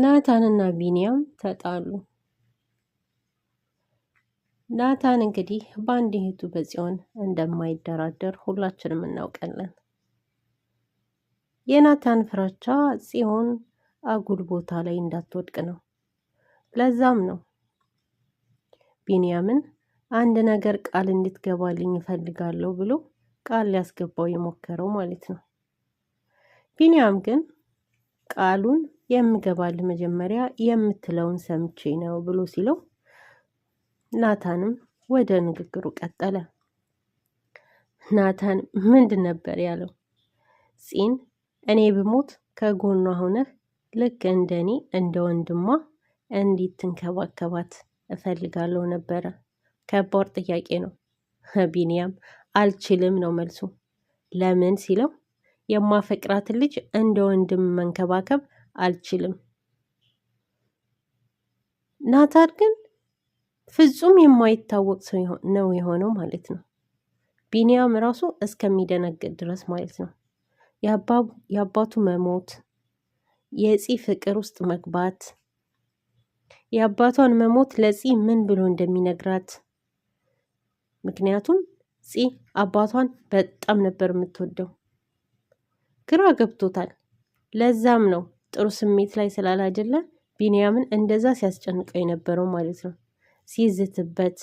ናታንና ቢንያም ተጣሉ። ናታን እንግዲህ በአንድ እህቱ በጽዮን እንደማይደራደር ሁላችንም እናውቃለን። የናታን ፍራቻ ጽዮን አጉል ቦታ ላይ እንዳትወድቅ ነው። ለዛም ነው ቢንያምን አንድ ነገር ቃል እንድትገባልኝ እፈልጋለሁ ብሎ ቃል ሊያስገባው የሞከረው ማለት ነው። ቢንያም ግን ቃሉን የምገባል መጀመሪያ የምትለውን ሰምቼ ነው ብሎ ሲለው ናታንም ወደ ንግግሩ ቀጠለ። ናታን ምንድን ነበር ያለው? ፂን እኔ ብሞት ከጎኗ ሆነህ ልክ እንደ እኔ እንደ ወንድሟ እንዴት ትንከባከባት እፈልጋለሁ ነበረ። ከባድ ጥያቄ ነው ቢንያም። አልችልም ነው መልሱ። ለምን ሲለው የማፈቅራትን ልጅ እንደ ወንድም መንከባከብ አልችልም። ናታን ግን ፍጹም የማይታወቅ ሰው ነው የሆነው ማለት ነው። ቢንያም ራሱ እስከሚደነግጥ ድረስ ማለት ነው። የአባቱ መሞት፣ የፂ ፍቅር ውስጥ መግባት፣ የአባቷን መሞት ለፂ ምን ብሎ እንደሚነግራት ምክንያቱም ፂ አባቷን በጣም ነበር የምትወደው። ግራ ገብቶታል። ለዛም ነው ጥሩ ስሜት ላይ ስላላደለ ቢንያምን እንደዛ ሲያስጨንቀው የነበረው ማለት ነው። ሲዝትበት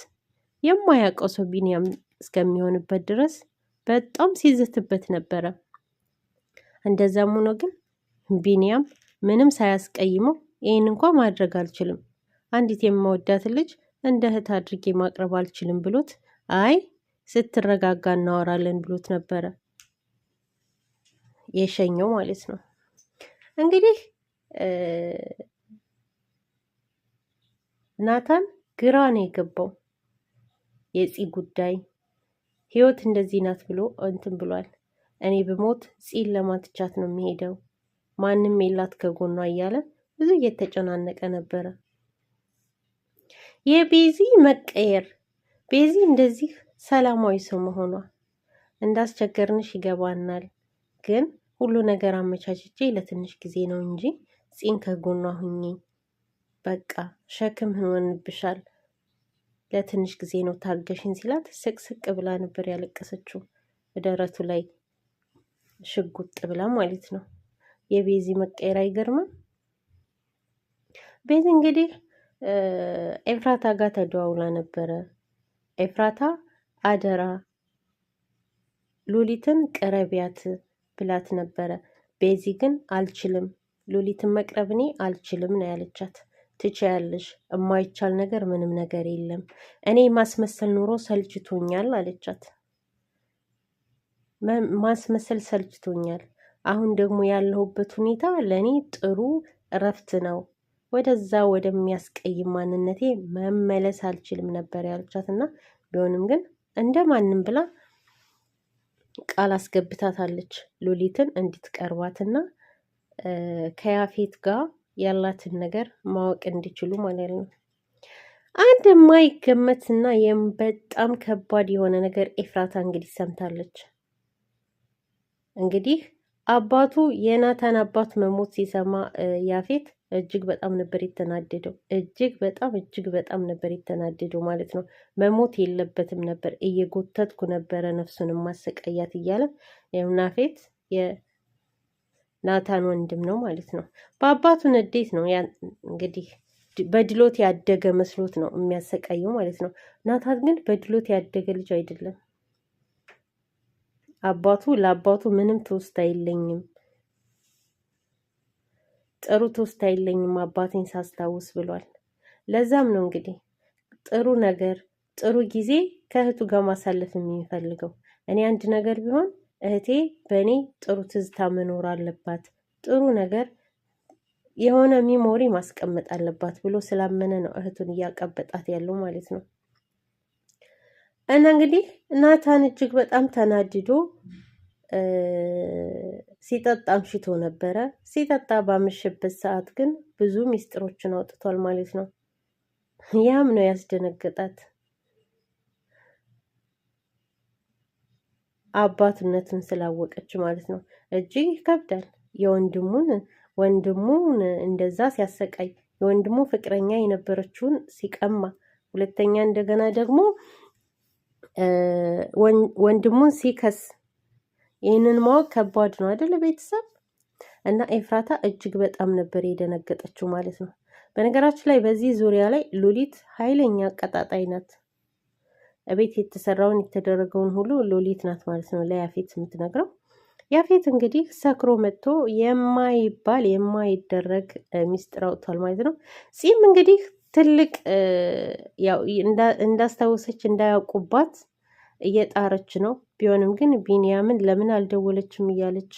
የማያውቀው ሰው ቢንያም እስከሚሆንበት ድረስ በጣም ሲዝትበት ነበረ። እንደዛም ሆኖ ግን ቢንያም ምንም ሳያስቀይመው ይህን እንኳ ማድረግ አልችልም፣ አንዲት የማወዳት ልጅ እንደ እህት አድርጌ ማቅረብ አልችልም ብሎት አይ ስትረጋጋ እናወራለን ብሎት ነበረ የሸኘው ማለት ነው። እንግዲህ ናታን ግራ ነው የገባው። የፂ ጉዳይ ህይወት እንደዚህ ናት ብሎ እንትን ብሏል። እኔ ብሞት ፂን ለማትቻት ነው የሚሄደው ማንም የላት ከጎኗ እያለ ብዙ እየተጨናነቀ ነበረ። የቤዚ መቀየር ቤዚ እንደዚህ ሰላማዊ ሰው መሆኗ እንዳስቸገርንሽ ይገባናል ግን ሁሉ ነገር አመቻችቼ ለትንሽ ጊዜ ነው እንጂ ፂን ከጎኗ ሁኜ በቃ ሸክም ሆንብሻል፣ ለትንሽ ጊዜ ነው ታገሽን ሲላት ስቅስቅ ብላ ነበር ያለቀሰችው። ደረቱ ላይ ሽጉጥ ብላ ማለት ነው። የቤዚ መቀየር አይገርምም። ቤዚ እንግዲህ ኤፍራታ ጋር ተደዋውላ ነበረ። ኤፍራታ አደራ ሉሊትን ቅረቢያት ብላት ነበረ። ቤዚ ግን አልችልም፣ ሉሊትን መቅረብ እኔ አልችልም ነው ያለቻት። ትችያለሽ፣ እማይቻል ነገር ምንም ነገር የለም። እኔ ማስመሰል ኑሮ ሰልችቶኛል አለቻት። ማስመሰል ሰልችቶኛል። አሁን ደግሞ ያለሁበት ሁኔታ ለእኔ ጥሩ እረፍት ነው። ወደዛ ወደሚያስቀይም ማንነቴ መመለስ አልችልም ነበር ያለቻት እና ቢሆንም ግን እንደ ማንም ብላ ቃል አስገብታታለች ሉሊትን እንድትቀርባትና ከያፌት ጋር ያላትን ነገር ማወቅ እንዲችሉ ማለት ነው። አንድ የማይገመት እና በጣም ከባድ የሆነ ነገር ኤፍራታ እንግዲህ ሰምታለች። እንግዲህ አባቱ የናታን አባት መሞት ሲሰማ ያፌት እጅግ በጣም ነበር የተናደደው። እጅግ በጣም እጅግ በጣም ነበር የተናደደው ማለት ነው። መሞት የለበትም ነበር፣ እየጎተትኩ ነበረ ነፍሱን ማሰቃያት እያለ ናፌት የናታን ወንድም ነው ማለት ነው። በአባቱ ንዴት ነው እንግዲህ በድሎት ያደገ መስሎት ነው የሚያሰቃየው ማለት ነው። ናታን ግን በድሎት ያደገ ልጅ አይደለም። አባቱ ለአባቱ ምንም ትውስታ የለኝም፣ ጥሩ ትውስት የለኝም አባቴን ሳስታውስ ብሏል። ለዛም ነው እንግዲህ ጥሩ ነገር ጥሩ ጊዜ ከእህቱ ጋር ማሳለፍ የሚፈልገው። እኔ አንድ ነገር ቢሆን እህቴ በእኔ ጥሩ ትዝታ መኖር አለባት፣ ጥሩ ነገር የሆነ ሚሞሪ ማስቀመጥ አለባት ብሎ ስላመነ ነው እህቱን እያቀበጣት ያለው ማለት ነው። እና እንግዲህ ናታን እጅግ በጣም ተናድዶ ሲጠጣ አምሽቶ ነበረ። ሲጠጣ ባመሸበት ሰዓት ግን ብዙ ሚስጥሮችን አውጥቷል ማለት ነው። ያም ነው ያስደነገጣት። አባትነቱን ስላወቀች ማለት ነው። እጅግ ይከብዳል። የወንድሙን ወንድሙን እንደዛ ሲያሰቃይ፣ የወንድሙ ፍቅረኛ የነበረችውን ሲቀማ፣ ሁለተኛ እንደገና ደግሞ ወንድሙን ሲከስ ይህንን ማወቅ ከባድ ነው አይደለ? ቤተሰብ እና ኤፍራታ እጅግ በጣም ነበር የደነገጠችው ማለት ነው። በነገራችን ላይ በዚህ ዙሪያ ላይ ሉሊት ኃይለኛ አቀጣጣይ ናት። እቤት የተሰራውን የተደረገውን ሁሉ ሉሊት ናት ማለት ነው ለያፌት የምትነግረው። ያፌት እንግዲህ ሰክሮ መጥቶ የማይባል የማይደረግ ሚስጥር አውጥቷል ማለት ነው። ፂም እንግዲህ ትልቅ እንዳስታወሰች እንዳያውቁባት እየጣረች ነው። ቢሆንም ግን ቢንያምን ለምን አልደወለችም እያለች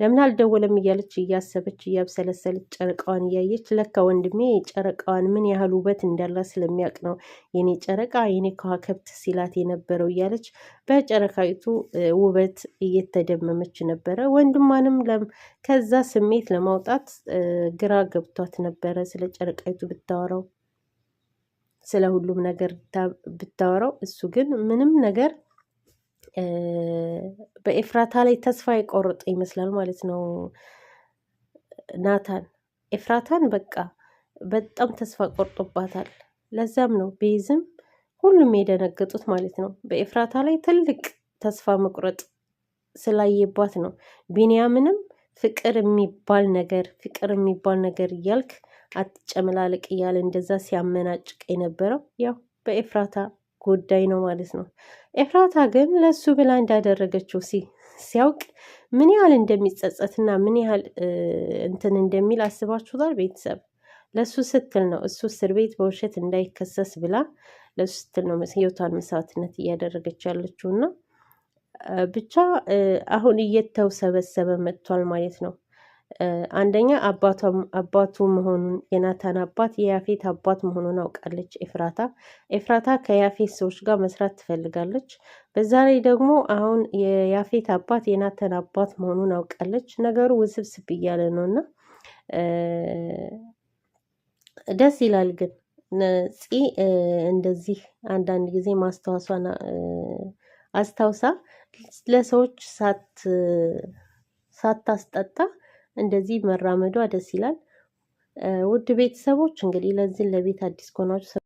ለምን አልደወለም እያለች እያሰበች እያብሰለሰለች ጨረቃዋን እያየች ለካ ወንድሜ ጨረቃዋን ምን ያህል ውበት እንዳላት ስለሚያውቅ ነው የኔ ጨረቃ የኔ ከዋከብት ሲላት የነበረው እያለች በጨረቃይቱ ውበት እየተደመመች ነበረ። ወንድሟንም ከዛ ስሜት ለማውጣት ግራ ገብቷት ነበረ ስለ ጨረቃይቱ ብታወራው ስለ ሁሉም ነገር ብታወራው፣ እሱ ግን ምንም ነገር በኤፍራታ ላይ ተስፋ የቆረጠ ይመስላል ማለት ነው ናታን። ኤፍራታን በቃ በጣም ተስፋ ቆርጦባታል። ለዛም ነው ቤዝም ሁሉም የደነገጡት ማለት ነው። በኤፍራታ ላይ ትልቅ ተስፋ መቁረጥ ስላየባት ነው። ቢንያምንም ፍቅር የሚባል ነገር ፍቅር የሚባል ነገር እያልክ አትጨመላለቅ እያለ እንደዛ ሲያመናጭቅ የነበረው ያው በኤፍራታ ጉዳይ ነው ማለት ነው። ኤፍራታ ግን ለሱ ብላ እንዳደረገችው ሲያውቅ ምን ያህል እንደሚጸጸትና ምን ያህል እንትን እንደሚል አስባችሁታል? ቤተሰብ ለሱ ስትል ነው እሱ እስር ቤት በውሸት እንዳይከሰስ ብላ ለሱ ስትል ነው ህይወቷን መስዋዕትነት እያደረገች ያለችው እና ብቻ አሁን እየተውሰበሰበ መጥቷል ማለት ነው። አንደኛ አባቱ መሆኑን የናታን አባት የያፌት አባት መሆኑን አውቃለች። ኤፍራታ ኤፍራታ ከያፌት ሰዎች ጋር መስራት ትፈልጋለች። በዛ ላይ ደግሞ አሁን የያፌት አባት የናታን አባት መሆኑን አውቃለች። ነገሩ ውስብስብ እያለ ነው እና ደስ ይላል። ግን ፂ እንደዚህ አንዳንድ ጊዜ ማስታወሷን አስታውሳ ለሰዎች ሳታስጠጣ እንደዚህ መራመዷ ደስ ይላል። ውድ ቤተሰቦች እንግዲህ ለዚህ ለቤት አዲስ ከሆናችሁ